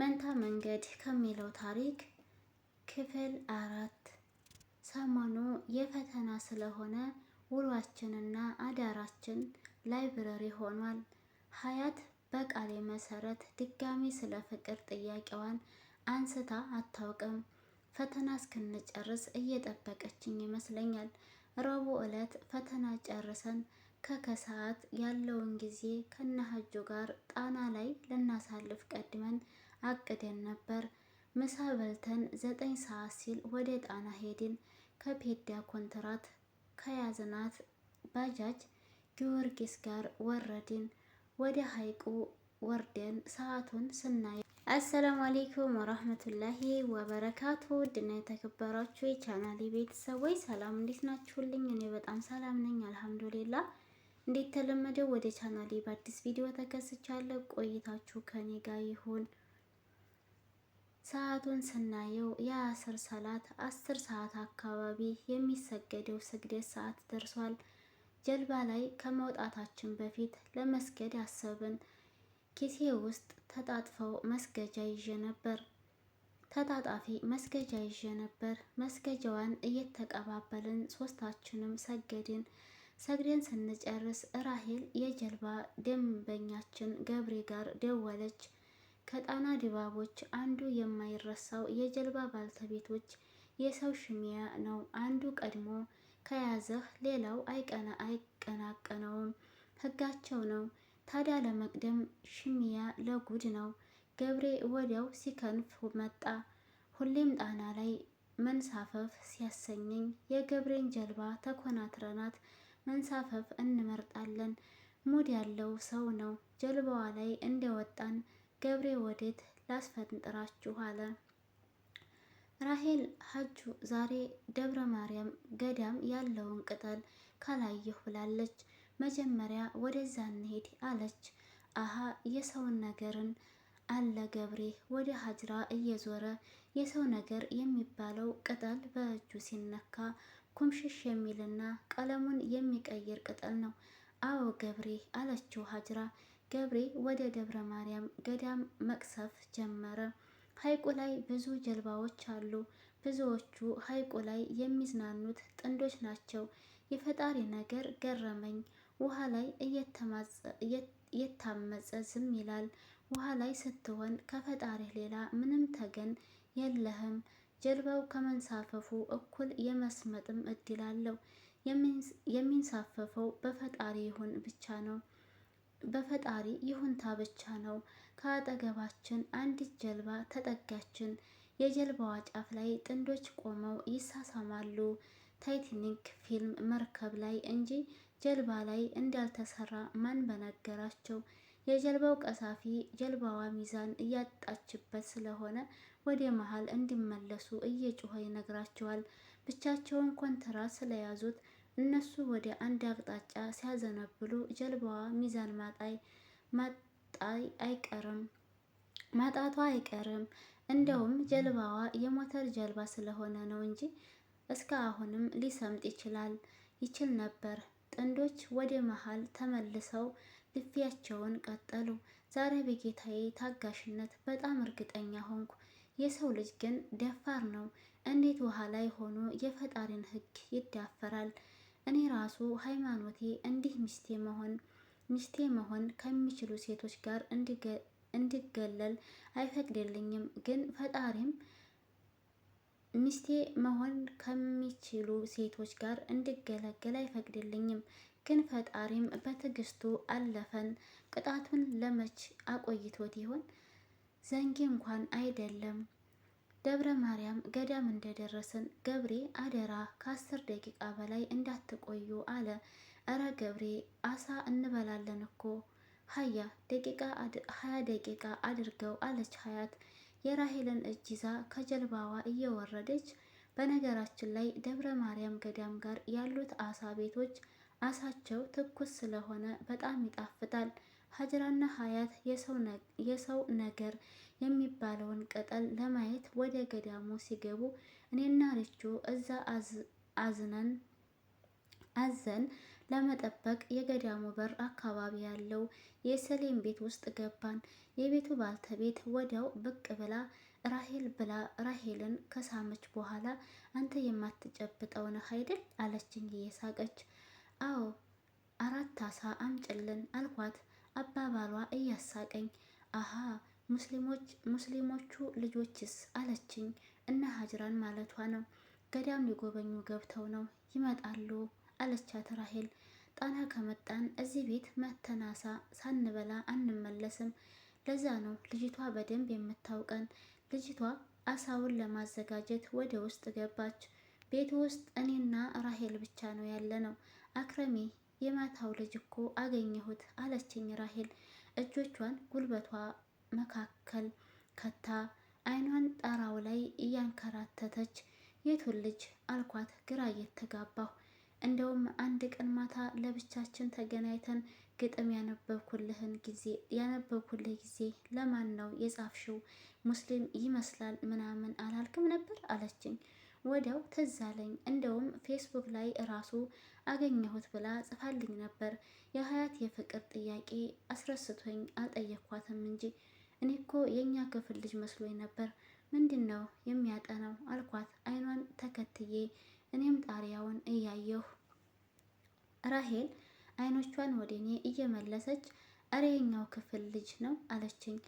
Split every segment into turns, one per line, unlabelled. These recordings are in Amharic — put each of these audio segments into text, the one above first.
መንታ መንገድ ከሚለው ታሪክ ክፍል አራት ሰሞኑ የፈተና ስለሆነ ውሏችንና አዳራችን ላይብረሪ ሆኗል። ሀያት በቃሌ መሰረት ድጋሚ ስለ ፍቅር ጥያቄዋን አንስታ አታውቅም። ፈተና እስክንጨርስ እየጠበቀችኝ ይመስለኛል። ረቡዕ ዕለት ፈተና ጨርሰን ከከሰዓት ያለውን ጊዜ ከነሀጆ ጋር ጣና ላይ ልናሳልፍ ቀድመን አቅደን ነበር። ምሳ በልተን ዘጠኝ ሰዓት ሲል ወደ ጣና ሄድን። ከፔዳ ኮንትራት ከያዝናት ባጃጅ ጊዮርጊስ ጋር ወረድን። ወደ ሀይቁ ወርደን ሰዓቱን ስናይ አሰላሙ አሌይኩም ወራህመቱላሂ ወበረካቱ። ውድና የተከበራችሁ የቻናሌ ቤተሰቦች ሰላም እንዴት ናችሁልኝ? እኔ በጣም ሰላም ነኝ አልሐምዱሊላ። ተለመደው ወደ ቻናሌ በአዲስ ቪዲዮ ተከስቻለሁ። ቆይታችሁ ከኔ ጋር ይሁን። ሰዓቱን ስናየው የአስር ሰላት አስር ሰዓት አካባቢ የሚሰገደው ስግደት ሰዓት ደርሷል። ጀልባ ላይ ከመውጣታችን በፊት ለመስገድ አሰብን። ኪሴ ውስጥ ተጣጥፈው መስገጃ ይዤ ነበር ተጣጣፊ መስገጃ ይዤ ነበር። መስገጃዋን እየተቀባበልን ሶስታችንም ሰገድን። ሰግደን ስንጨርስ ራሄል የጀልባ ደንበኛችን ገብሬ ጋር ደወለች። ከጣና ድባቦች አንዱ የማይረሳው የጀልባ ባልተቤቶች የሰው ሽሚያ ነው። አንዱ ቀድሞ ከያዘህ ሌላው አይቀና አይቀናቀነውም ህጋቸው ነው። ታዲያ ለመቅደም ሽሚያ ለጉድ ነው። ገብሬ ወዲያው ሲከንፍ መጣ። ሁሌም ጣና ላይ መንሳፈፍ ሲያሰኘኝ የገብሬን ጀልባ ተኮናትረናት መንሳፈፍ እንመርጣለን። ሙድ ያለው ሰው ነው። ጀልባዋ ላይ እንደወጣን ገብሬ ወዴት ላስፈንጥራችሁ አለ። ራሄል ሀጁ ዛሬ ደብረ ማርያም ገዳም ያለውን ቅጠል ካላየሁ ብላለች። መጀመሪያ ወደዛ እንሄድ አለች። አሀ የሰውን ነገርን አለ ገብሬ ወደ ሀጅራ እየዞረ የሰው ነገር የሚባለው ቅጠል በእጁ ሲነካ ኩምሽሽ የሚልና ቀለሙን የሚቀይር ቅጠል ነው። አዎ ገብሬ አለችው ሀጅራ ገብሬ ወደ ደብረ ማርያም ገዳም መቅሰፍ ጀመረ። ሐይቁ ላይ ብዙ ጀልባዎች አሉ። ብዙዎቹ ሐይቁ ላይ የሚዝናኑት ጥንዶች ናቸው። የፈጣሪ ነገር ገረመኝ። ውሃ ላይ እየታመጸ ዝም ይላል። ውሃ ላይ ስትሆን ከፈጣሪ ሌላ ምንም ተገን የለህም። ጀልባው ከመንሳፈፉ እኩል የመስመጥም እድል አለው። የሚንሳፈፈው በፈጣሪ ይሁን ብቻ ነው። በፈጣሪ ይሁንታ ብቻ ነው። ከአጠገባችን አንዲት ጀልባ ተጠጋችን። የጀልባዋ ጫፍ ላይ ጥንዶች ቆመው ይሳሳማሉ። ታይታኒክ ፊልም መርከብ ላይ እንጂ ጀልባ ላይ እንዳልተሰራ ማን በነገራቸው? የጀልባው ቀሳፊ ጀልባዋ ሚዛን እያጣችበት ስለሆነ ወደ መሀል እንዲመለሱ እየጮኸ ይነግራቸዋል። ብቻቸውን ኮንትራ ስለያዙት እነሱ ወደ አንድ አቅጣጫ ሲያዘነብሉ ጀልባዋ ሚዛን ማጣይ ማጣይ አይቀርም ማጣቷ አይቀርም። እንደውም ጀልባዋ የሞተር ጀልባ ስለሆነ ነው እንጂ እስከ አሁንም ሊሰምጥ ይችላል ይችል ነበር። ጥንዶች ወደ መሀል ተመልሰው ልፊያቸውን ቀጠሉ። ዛሬ በጌታዬ ታጋሽነት በጣም እርግጠኛ ሆንኩ። የሰው ልጅ ግን ደፋር ነው። እንዴት ውሃ ላይ ሆኖ የፈጣሪን ሕግ ይዳፈራል? እኔ ራሱ ሃይማኖቴ እንዲህ ሚስቴ መሆን ሚስቴ መሆን ከሚችሉ ሴቶች ጋር እንዲገለል አይፈቅድልኝም። ግን ፈጣሪም ሚስቴ መሆን ከሚችሉ ሴቶች ጋር እንዲገለገል አይፈቅድልኝም። ግን ፈጣሪም በትዕግስቱ አለፈን። ቅጣቱን ለመች አቆይቶት ይሆን? ዘንጌ እንኳን አይደለም። ደብረ ማርያም ገዳም እንደደረስን ገብሬ አደራ ከአስር ደቂቃ በላይ እንዳትቆዩ አለ። እረ ገብሬ አሳ እንበላለን እኮ ሀያ ደቂቃ ሀያ ደቂቃ አድርገው አለች ሀያት የራሄልን እጅ ይዛ ከጀልባዋ እየወረደች በነገራችን ላይ ደብረ ማርያም ገዳም ጋር ያሉት አሳ ቤቶች አሳቸው ትኩስ ስለሆነ በጣም ይጣፍጣል። ሀጅራና ሀያት የሰው ነገር የሚባለውን ቅጠል ለማየት ወደ ገዳሙ ሲገቡ እኔና ልጁ እዛ አዝነን አዘን ለመጠበቅ የገዳሙ በር አካባቢ ያለው የሰሌም ቤት ውስጥ ገባን። የቤቱ ባልተቤት ወዲያው ብቅ ብላ ራሄል ብላ ራሄልን ከሳመች በኋላ አንተ የማትጨብጠው ነህ አይደል አለችኝ እየሳቀች። አዎ አራት አሳ አምጭልን አልኳት። አባባሏ እያሳቀኝ አሀ ሙስሊሞች ሙስሊሞቹ ልጆችስ አለችኝ እና ሀጅራን ማለቷ ነው። ገዳም ሊጎበኙ ገብተው ነው ይመጣሉ አለቻት ራሄል። ጣና ከመጣን እዚህ ቤት መተናሳ ሳንበላ አንመለስም። ለዛ ነው ልጅቷ በደንብ የምታውቀን። ልጅቷ አሳውን ለማዘጋጀት ወደ ውስጥ ገባች። ቤት ውስጥ እኔና ራሄል ብቻ ነው ያለ ነው። አክረሜ የማታው ልጅ እኮ አገኘሁት አለችኝ ራሄል እጆቿን ጉልበቷ መካከል ከታ አይኗን ጣራው ላይ እያንከራተተች የቱን ልጅ አልኳት ግራ እየተጋባሁ እንደውም አንድ ቀን ማታ ለብቻችን ተገናኝተን ግጥም ያነበብኩልህን ጊዜ ያነበብኩልህ ጊዜ ለማን ነው የጻፍሽው? ሙስሊም ይመስላል ምናምን አላልክም ነበር አለችኝ። ወዲያው ትዝ አለኝ። እንደውም ፌስቡክ ላይ እራሱ አገኘሁት ብላ ጽፋልኝ ነበር። የሀያት የፍቅር ጥያቄ አስረስቶኝ አልጠየኳትም እንጂ እኔ እኮ የእኛ ክፍል ልጅ መስሎኝ ነበር። ምንድን ነው የሚያጠናው አልኳት፣ አይኗን ተከትዬ እኔም ጣሪያውን እያየሁ ራሄል አይኖቿን ወደ እኔ እየመለሰች እረ የኛው ክፍል ልጅ ነው አለችኝ።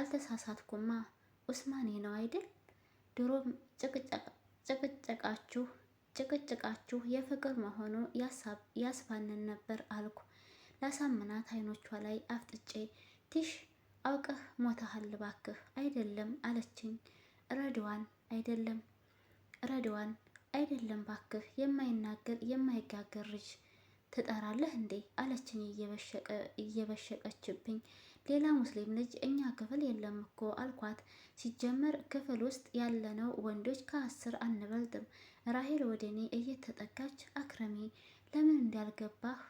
አልተሳሳትኩማ ኡስማኔ ነው አይደል? ድሮም ጭቅጨቅ ጭቅጭቃችሁ ጭቅጭቃችሁ የፍቅር መሆኑ ያስባንን ነበር አልኩ። ላሳምናት አይኖቿ ላይ አፍጥጬ ቲሽ አውቀህ ሞታሃል ባክህ አይደለም አለችኝ። ረድዋን አይደለም ረድዋን አይደለም ባክህ የማይናገር የማይጋገር ልጅ ትጠራለህ እንዴ አለችኝ እየበሸቀችብኝ። ሌላ ሙስሊም ልጅ እኛ ክፍል የለም እኮ አልኳት። ሲጀመር ክፍል ውስጥ ያለነው ወንዶች ከአስር አንበልጥም። ራሄል ወደ እኔ እየተጠጋች አክረሜ ለምን እንዳልገባህ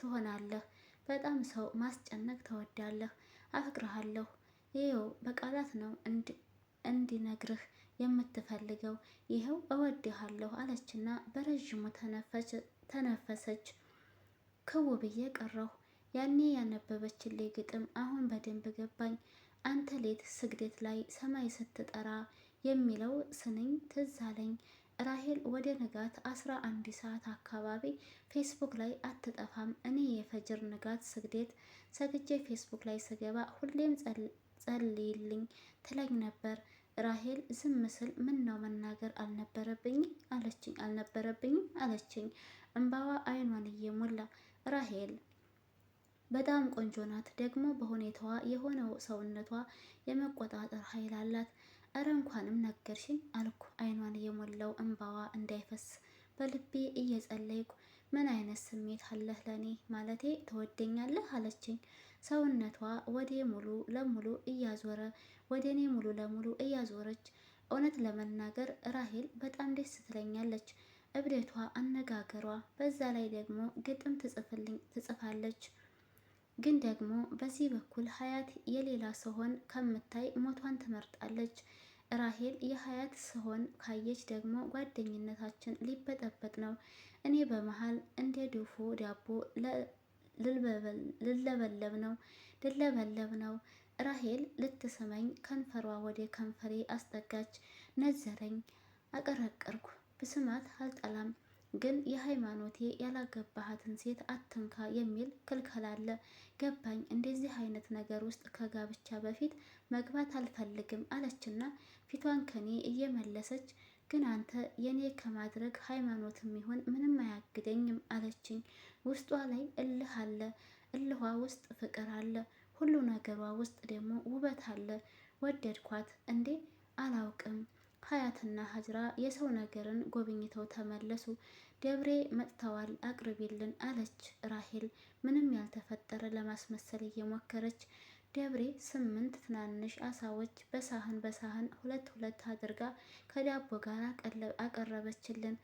ትሆናለህ? በጣም ሰው ማስጨነቅ ተወዳለህ አፍቅርሃለሁ። ይኸው በቃላት ነው እንዲነግርህ የምትፈልገው። ይኸው እወድሃለሁ አለችና በረዥሙ ተነፈሰች። ክው ብዬ ቀረሁ። ያኔ ያነበበችልኝ ግጥም አሁን በደንብ ገባኝ። አንተ ሌት ስግደት ላይ ሰማይ ስትጠራ የሚለው ስንኝ ትዝ አለኝ። ራሄል ወደ ንጋት አስራ አንድ ሰዓት አካባቢ ፌስቡክ ላይ አትጠፋም። እኔ የፈጅር ንጋት ስግደት ሰግጄ ፌስቡክ ላይ ስገባ ሁሌም ጸልይልኝ ትለኝ ነበር። ራሄል ዝም ስል ምን ነው መናገር አልነበረብኝም አለችኝ አልነበረብኝም አለችኝ። እምባዋ አይኗን እየ ራሄል በጣም ቆንጆ ናት። ደግሞ በሁኔታዋ የሆነው ሰውነቷ የመቆጣጠር ኃይል አላት። እረ እንኳንም ነገርሽኝ አልኩ አይኗን የሞላው እንባዋ እንዳይፈስ በልቤ እየጸለይኩ ምን አይነት ስሜት አለህ ለእኔ ማለቴ ትወደኛለህ አለችኝ። ሰውነቷ ወዴ ሙሉ ለሙሉ እያዞረ ወደ እኔ ሙሉ ለሙሉ እያዞረች እውነት ለመናገር ራሄል በጣም ደስ ትለኛለች። እብደቷ፣ አነጋገሯ በዛ ላይ ደግሞ ግጥም ትጽፋለች። ግን ደግሞ በዚህ በኩል ሀያት የሌላ ሰሆን ከምታይ ሞቷን ትመርጣለች። ራሄል የሀያት ሰሆን ካየች ደግሞ ጓደኝነታችን ሊበጠበጥ ነው። እኔ በመሀል እንደ ድፎ ዳቦ ልለበለብ ነው ልለበለብ ነው። ራሄል ልትስመኝ ከንፈሯ ወደ ከንፈሬ አስጠጋች። ነዘረኝ፣ አቀረቀርኩ። ብስማት አልጠላም፣ ግን የሃይማኖቴ ያላገባሃትን ሴት አትንካ የሚል ክልከላ አለ። ገባኝ። እንደዚህ አይነት ነገር ውስጥ ከጋብቻ በፊት መግባት አልፈልግም አለችና ፊቷን ከኔ እየመለሰች ግን አንተ የኔ ከማድረግ ሃይማኖትም ይሁን ምንም አያግደኝም አለችኝ። ውስጧ ላይ እልህ አለ። እልኋ ውስጥ ፍቅር አለ። ሁሉ ነገሯ ውስጥ ደግሞ ውበት አለ። ወደድኳት እንዴ? አላውቅም ሀያትና ሀጅራ የሰው ነገርን ጎብኝተው ተመለሱ። ደብሬ መጥተዋል አቅርቢልን አለች ራሄል ምንም ያልተፈጠረ ለማስመሰል እየሞከረች። ደብሬ ስምንት ትናንሽ አሳዎች በሳህን በሳህን ሁለት ሁለት አድርጋ ከዳቦ ጋር አቀረበችልን።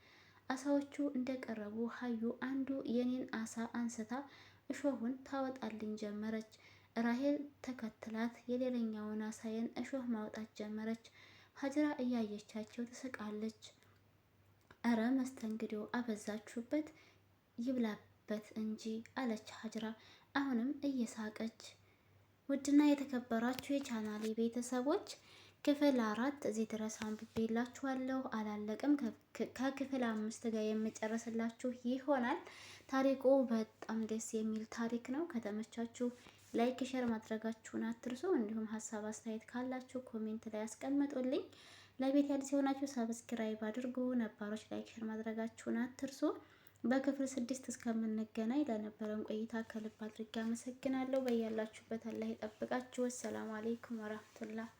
አሳዎቹ እንደቀረቡ ሀዩ አንዱ የኔን አሳ አንስታ እሾሁን ታወጣልኝ ጀመረች። ራሄል ተከትላት የሌላኛውን አሳዬን እሾህ ማውጣት ጀመረች። ሀጅራ እያየቻቸው ትስቃለች። እረ መስተንግዶ አበዛችሁበት ይብላበት እንጂ አለች ሀጅራ አሁንም እየሳቀች። ውድና የተከበራችሁ የቻናሌ ቤተሰቦች ክፍል አራት እዚህ ድረስ አንብቤላችኋለሁ። አላለቅም። ከክፍል አምስት ጋር የምጨረስላችሁ ይሆናል። ታሪኩ በጣም ደስ የሚል ታሪክ ነው። ከተመቻችሁ ላይክ፣ ሸር ማድረጋችሁን አትርሱ። እንዲሁም ሀሳብ አስተያየት ካላችሁ ኮሜንት ላይ አስቀምጡልኝ። ለቤት አዲስ የሆናችሁ ሰብስክራይብ አድርጉ። ነባሮች ላይክ፣ ሸር ማድረጋችሁን አትርሱ። በክፍል ስድስት እስከምንገናኝ ለነበረን ቆይታ ከልብ አድርጌ አመሰግናለሁ። በያላችሁበት አላህ ይጠብቃችሁ። ሰላም አሌይኩም ወራህመቱላህ